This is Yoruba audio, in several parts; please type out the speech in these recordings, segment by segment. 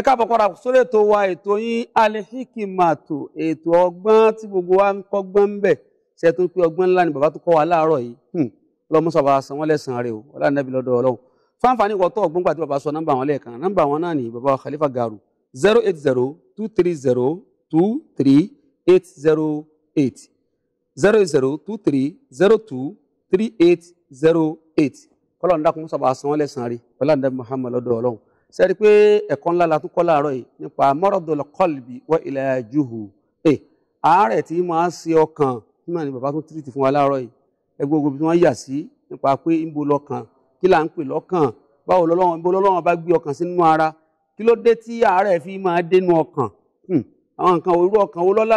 ẹ káàbọ̀ padà sórí ètò wa ètò yín alihikimatu ètò ọgbọ́n tí gbogbo wa ń kọ́gbọ́n ń bẹ̀ ṣe tó ń pé ọgbọ́n ńlá ni bàbá tó kọ́ wa láàárọ̀ yìí hmm, ọlọ́mọsọ̀bà san wọ́n lẹ́sàn rẹ̀ o ọlọ́nàbí lọ́dọ̀ ọlọ́run fáǹfààní wọ́n tọ́ ọgbọ́n pàtí bàbá sọ nọ́mbà wọn lẹ́ẹ̀kan nọ́mbà wọn náà ni bàbá Khalifa Garu zero eight zero two three zero two three eight zero eight zero eight zero two three zero two three eight zero eight kọ́lọ́ọ̀dà kún sọ̀bà san wọ́n lẹ́sàn-án rẹ̀ ọlọ́nàbí Muhammad lọ́dọ̀ ọlọ́run sẹ́rí pé ẹ̀kọ́ ńlá la tún kọ́ láàárọ̀ yìí nípa mọ́rọ̀dọ̀lọ̀ kọ́lìbì wọ ilẹ̀ àjùhù ẹ̀ àárẹ̀ tí máa ń ṣe ọkàn nígbà ní bàbá tún tìrìtì fún wa láàárọ̀ yìí ẹgbẹ́ ogun tí wọ́n yà sí nípa pé ń bo lọ́kàn kí là ń pè lọ́kàn báwo lọ́lọ́wọ́n ń bo lọ́lọ́wọ́n bá gbé ọkàn sínú ara kí ló dé tí àárẹ̀ fi máa dénú ọkàn hmm, àwọn nǹkan orú ọkàn wo lọ́lá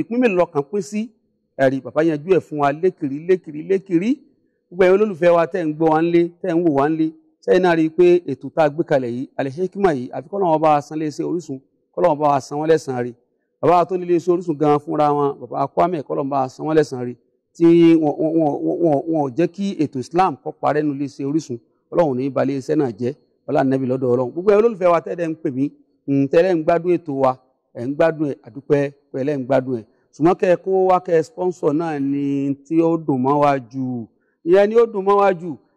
ìpín mélòó lọ́kàn pín sí ẹ̀rí bàbá yanjú ẹ̀ fún wa lékiri sẹ́yìn náà rí i pé ètò tá a gbé kalẹ̀ yìí àlẹ́ṣẹ́kímà yìí àfi kọ́lọ́wọ́n bá wa san léṣe Orísun kọ́lọ́wọ́n bá wa san wọ́n lẹ́sàn rí bàbá tó nílé iṣẹ́ Orísun gan fúnra wọn bàbá Kwame kọ́lọ́wọ́n bá wa san wọ́n lẹ́sàn rí tí wọn ò jẹ́ kí ètò Islam kó parẹ́ nílé iṣẹ́ Orísun Ọlọ́run ní balẹ̀ iṣẹ́ náà jẹ́ ọlá nẹ́bí lọ́dọ̀ Ọlọ́run gbogbo ẹ olólùfẹ́ wa tẹ́lẹ̀ ń pè mí tẹ́lẹ̀ ń gbádùn ètò wa ẹ̀ ń gbádùn ẹ̀ àdúpẹ́ pẹ̀lẹ́ ń gbádùn ẹ̀ ṣùgbọ́n kẹ́ ẹ kó wá kẹ́ ẹ sponsor náà ni tí ó dùn mọ́ wa jù ìyẹn ni ó dùn mọ́ wa jù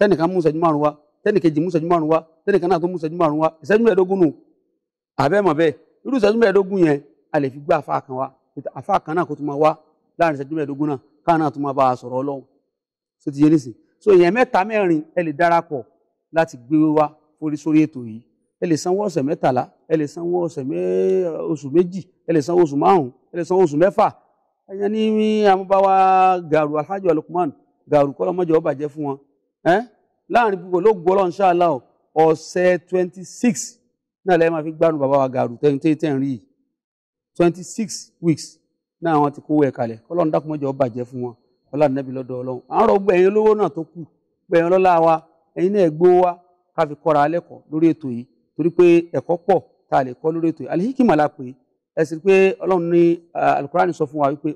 tẹnìkan mú ìṣẹ́jú márùn wá tẹnìkejì mú nuwa, márùn wá tẹnìkan náà tó mú ìṣẹ́jú márùn wá ìṣẹ́jú mẹ́ẹ̀ẹ́dógún nù àbẹ́mọ̀ bẹ́ẹ̀ irú ìṣẹ́jú mẹ́ẹ̀ẹ́dógún yẹn a lè fi gbé àfa kan wá àfa kan náà kó tó máa wá láàrin ìṣẹ́jú mẹ́ẹ̀ẹ́dógún náà káà náà tó máa bá a sọ̀rọ̀ ti yé nísìn so ìyẹn mẹ́ta mẹ́rin ẹ lè darapọ̀ láti gbé wá forí sórí ètò yìí ẹ lè sanwó ọ̀sẹ̀ mẹ́tàlá ẹ lè sanwó ọ̀sẹ̀ oṣù méjì ẹ lè sanwó oṣù márùn-ún ẹ lè sanwó oṣù mẹ́fà ẹ̀yẹn ní amúbáwá gàrú alhaji alukumanu gàrú kọ́lọ́mọ́jọ́ bàjẹ́ fún wọn láàrin púpọ̀ ló gbọ́ lọ́n ṣáàlá o ọ̀sẹ̀ twenty six náà lẹ́yìn máa fi bàbá wa gàrú rí i twenty six weeks náà wọn ti kówó ẹ̀ kalẹ̀ kọ́lọ́n dákúmọ́jọ́ bàjẹ́ fún wọn ọlá nẹ́bí lọ́dọ̀ ọlọ́run àwọn ọ̀rọ̀ wa ẹ̀yin náà gbó wa ká fi kọ́ra lórí ètò yìí torí pé ẹ̀kọ́ pọ̀ tá a lè kọ́ lórí ètò yìí la pé ọlọ́run ní alukurani sọ fún wa wípé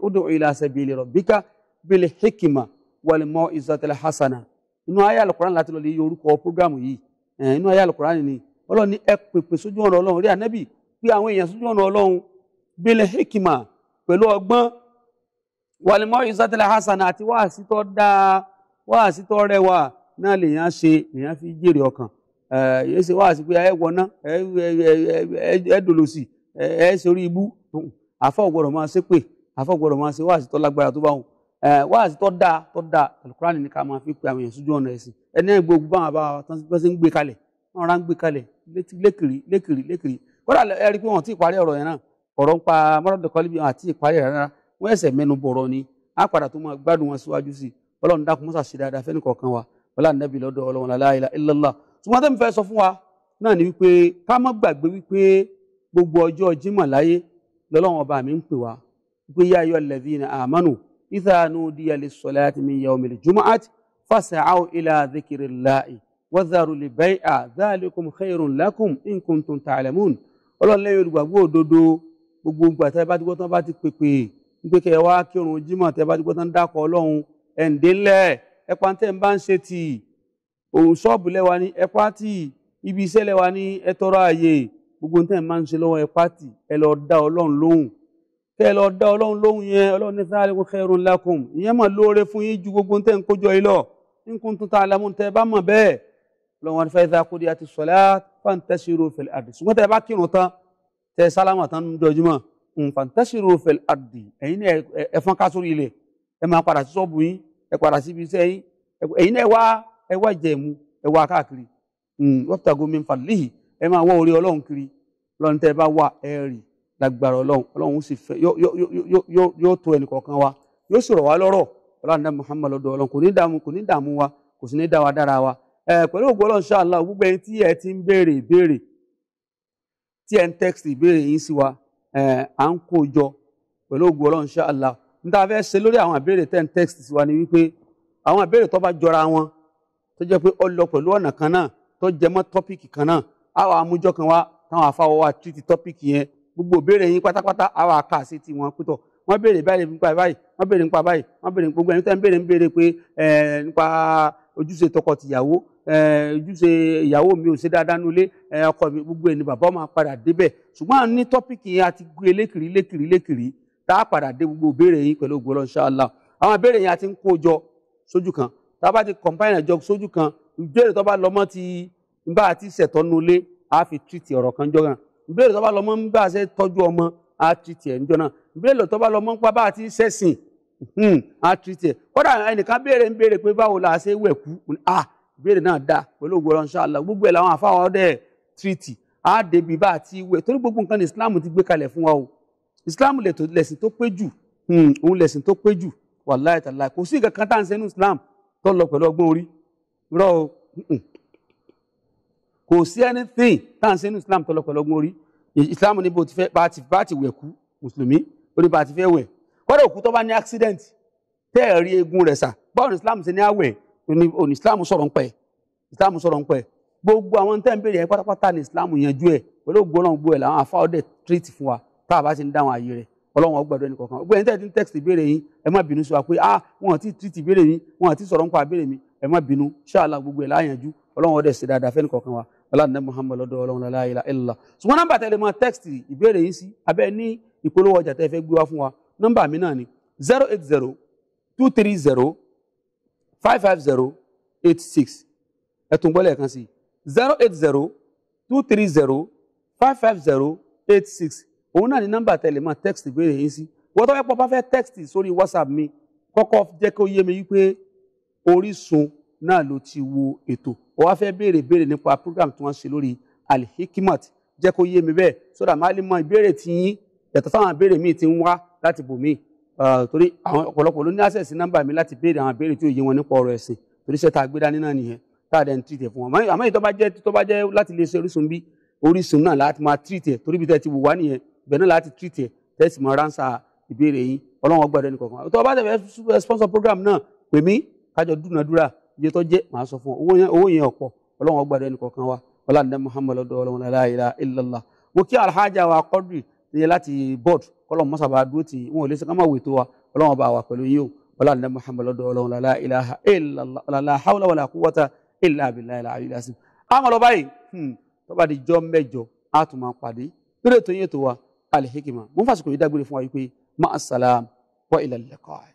inú ayé alukoran lati lọ lè yí orúkọ programu yìí inú ayé alukoran ni ọlọ́run ní ẹ sójú ọ̀nà ọlọ́run rí ànábì pé àwọn èèyàn sójú ọ̀nà hekima pẹ̀lú ọgbọ́n wàlímọ́ ìsátẹ́lẹ̀ hasan àti wáàsí dáa wáàsí rẹwà náà lèèyàn ṣe lèèyàn fi jèrè ọkàn ẹ ṣe pé ẹ wáàsí tó dáa tó dáa alukurani ni ká máa fi pe àwọn èèyàn sójú ọ̀nà ẹ̀sìn ẹni ẹ̀ gbogbo báwọn bá wa tán sí ń gbé kalẹ̀ wọn ra ń gbé kalẹ̀ lékiri lékiri lékiri kódà ẹ rí i pé wọn ti parí ọ̀rọ̀ yẹn náà ọ̀rọ̀ ń pa mọ́tòdó kọ́líbì àti ìparí rẹ̀ rárá wọ́n ẹ̀sẹ̀ mẹ́nu bọ̀rọ̀ ni á padà tó máa gbádùn wọn síwájú sí i ọlọ́run dákun mọ́sà ni wípé ká má gbàgbé wípé gbogbo ọjọ́ Jímọ̀ láyé lọ́lọ́run ọba mi ń pè wá wípé yá إذا نودي للصلاة من يوم الجمعة فسعوا إلى ذكر الله وذروا البيع ذلكم خير لكم إن كنتم تعلمون Ọlọ́run lẹ́yìn olùgbàgbọ́ òdodo gbogbo ìgbà tẹ́ bá dúgbọ́ tán bá ti pèpè nígbè kẹ́ ẹ wá kírun jímọ̀ tẹ́ bá dúgbọ́ tán dákọ̀ Ọlọ́run ẹ̀ǹdẹ́lẹ̀ ẹ̀pà tẹ́ ń bá ń ṣe tì òun ṣọ́ọ̀bù lẹ́wà ní ẹ̀pà tì ibi iṣẹ́ lẹ́wà ní ẹ̀tọ́rọ̀ ààyè gbogbo tẹ́ ń bá ń ṣe lọ́wọ́ ẹ̀pà tì ẹ lọ dá Ọlọ́run lóhùn kẹ́ ẹ lọ dá ọlọ́run lóhùn yẹn ọlọ́run ní sáré kún khairun lakum ìyẹn mà lóore fún yín ju gbogbo tẹ́ ń kójọ yìí lọ in kuntum ta'lamun tẹ́ ẹ bá mọ̀ bẹ́ẹ̀ ọlọ́run wọn fẹ́ dá kóde àti sọ̀lá fantashiru fil ardi ṣùgbọ́n tẹ́ ẹ bá kírun tán tẹ́ ẹ sálámà tán dọjúmọ́ um, fantashiru fil ardi ẹ̀yin náà ẹ fọ́n ká sórí ilẹ̀ ẹ máa padà sí ṣọ́ọ̀bù yín ẹ padà síbi iṣẹ́ yín ẹ̀yin náà ẹ wá ẹ wá ìjẹ̀mú ẹ wá káàkiri um, wọ́pútàgómi fàlíhì ẹ máa wọ́ orí ọlọ́run kiri ọlọ́run tẹ́ ẹ bá wà ẹ rì lágbára ọlọ́run ọlọ́run sì fẹ́ yóò tó ẹnì kọ̀ọ̀kan wa yóò sì rọ̀ wá lọ́rọ̀ ọlọ́run kò ní dààmú kò ní dààmú wa kò sì ní dá wa dára wa pẹ̀lú ògbó ọlọ́run ṣáàlá gbogbo ẹni tí ẹ ti ń béèrè ìbéèrè tí ẹ wa à ń pẹ̀lú ògbó ṣáàlá n ta fẹ́ ṣe lórí àwọn tẹ́ ń tẹ́kìtì wa ni wípé àwọn jọra wọn gbogbo ìbéèrè yín pátápátá àwa kà sí ti wọn pítọ̀ wọ́n béèrè báyìí nípa báyìí wọ́n béèrè nípa báyìí wọ́n béèrè gbogbo ẹni tẹ́ ń béèrè ń béèrè pé nípa ojúṣe tọkọ-tìyàwó ojúṣe ìyàwó mi ò ṣe dáadáa nulẹ̀ ọkọ mi gbogbo ẹni bàbá máa padà débẹ̀ ṣùgbọ́n a ní tọ́pìkì yẹn àti gbé lékiri lékiri lékiri tá a padà dé gbogbo ìbéèrè yín pẹ̀lú ògbó lọ́nṣá Allah àwọn ìbéèrè yẹn a ti ń kó jọ sójú kan tá a bá ti combine jọ ìbéèrè tó bá lọ ń bá ṣe tọ́jú ọmọ á ti tiẹ̀ na náà ìbéèrè tó bá lọ ń pa bá a ti ṣẹ̀sìn á bere nbere pe ẹnìkan béèrè ń béèrè pé báwo la ṣe wẹ̀ kú à ìbéèrè náà dá pẹ̀lú gbogbo ẹ̀ làwọn àfáwọn ọdẹ tìrìtì á débi bá a ti wẹ̀ torí gbogbo nǹkan Islam ti gbé kalẹ̀ fún o Islam lẹ̀sìn tó pé jù òun lẹ̀sìn tó pé jù kò sí anything tá à ń ṣe ní islam tọlọpọlọgbọn orí islam ní bó ti fẹ́ bá ti bá ti wẹ̀ kú mùsùlùmí ó ní bá ti fẹ́ wẹ̀ kódà òkú tó bá ní accident tẹ́ ẹ̀ rí egun rẹ̀ sà báwo ni islam ṣe ní àwẹ̀ òní islam sọ̀rọ̀ ń pẹ́ islam sọ̀rọ̀ ń pẹ́ gbogbo àwọn tẹ́ ń béèrè ẹ̀ pátápátá ní islam yanjú ẹ̀ pẹ̀lú ògbó náà gbó ẹ̀ làwọn afáwọ́dẹ̀ treat fún wa tá a bá ti ń dáhùn ayé rẹ̀ ọlọ́run ọgbàdo ẹnì kọ̀ọ̀kan gbé ẹni tẹ́ ti ń text ìbéèrè yín ẹ má bínú sí wa pé ah wọn àti treat ìbéèrè mi wọn àti sọ̀rọ̀ ń pa ìbéèrè mi ẹ má bínú inshallah gbogbo ẹ̀ láyanjú ọlọ́run ọdẹ ṣe dáadáa fẹ́ni kọ̀ọ̀kan wa ọlọ́run muhammed lọ́dọ̀ ọlọ́run la ilaha illallah ṣùgbọ́n nọ́mbà tẹ́lẹ̀ mọ́ tẹ́kìtì ìbéèrè yìí sí abẹ́ ní ìpolówó ọjà tẹ́ fẹ́ gbé wá fún wa nọ́mbà mi náà ni zero eight zero two three zero five five zero eight six ẹ̀tún gbọ́lẹ̀ kan sí zero eight zero two three zero five five zero eight six òun náà ni nọ́mbà tẹ́lẹ̀ mọ́ tẹ́kìtì ìbéèrè yìí sí wọ́n tó fẹ́ bá fẹ́ tẹ́kìtì sórí whatsapp mi kọ́kọ́ jẹ́ kó yé mi wípé Orísun náà ló ti wo ètò ó wá fẹ́ béèrè béèrè nípa program tí wọ́n ṣe lórí alhikimat jẹ́ kó yé mi bẹ́ẹ̀ sódà má lè mọ ìbéèrè tí yín yàtọ̀ fáwọn ìbéèrè míì ti ń wá láti bò míì torí àwọn ọ̀pọ̀lọpọ̀ ló ní access nọ́mbà mi láti béèrè àwọn ìbéèrè tí ò yé wọn nípa ọ̀rọ̀ ẹ̀sìn torí sẹ́ta agbéra nínà nìyẹn táàdẹ ń tìtẹ̀ fún wọn àmọ́ ìtọ́ bá jẹ́ tó bá jẹ́ láti lè ṣe Orísun bí Orísun náà láti máa tìtẹ̀ torí bí tẹ́ ti wù wá nìyẹn ibẹ̀ náà láti tìtẹ̀ tẹ́ sì máa ránṣà ìbéèrè yín ọlọ́wọ́n gbọ́dọ̀ nìkọ̀ọ̀kan tó bá tẹ̀ fẹ́ sponsor program náà pè mí kájọ dúnadúrà iye tó jẹ́ màá sọ fún ọ owó yẹn ọ̀pọ̀ ọlọ́run ó gbàdúrà ẹnì kọ̀ọ̀kan wa ọlọ́dẹ muhammed ọdọ ọlọ́run la ilaha illallah mo kí alhaja wa kọ́dùrì níyẹn láti board kọ́lọ̀ mọ́sàbà dúró tì í wọn ò lè ṣe ká má wètò wa ọlọ́run bá wà pẹ̀lú yìí o ọlọ́dẹ muhammed ọdọ ọlọ́run la ilaha illallah hawla wala quwwata illa billahi al-ali al àwọn ọlọ́ba yìí hmm, tó bá di jọ́ mẹ́jọ á tún máa pàdé lórí ètò yẹn tó wa al mo ń fàṣìkò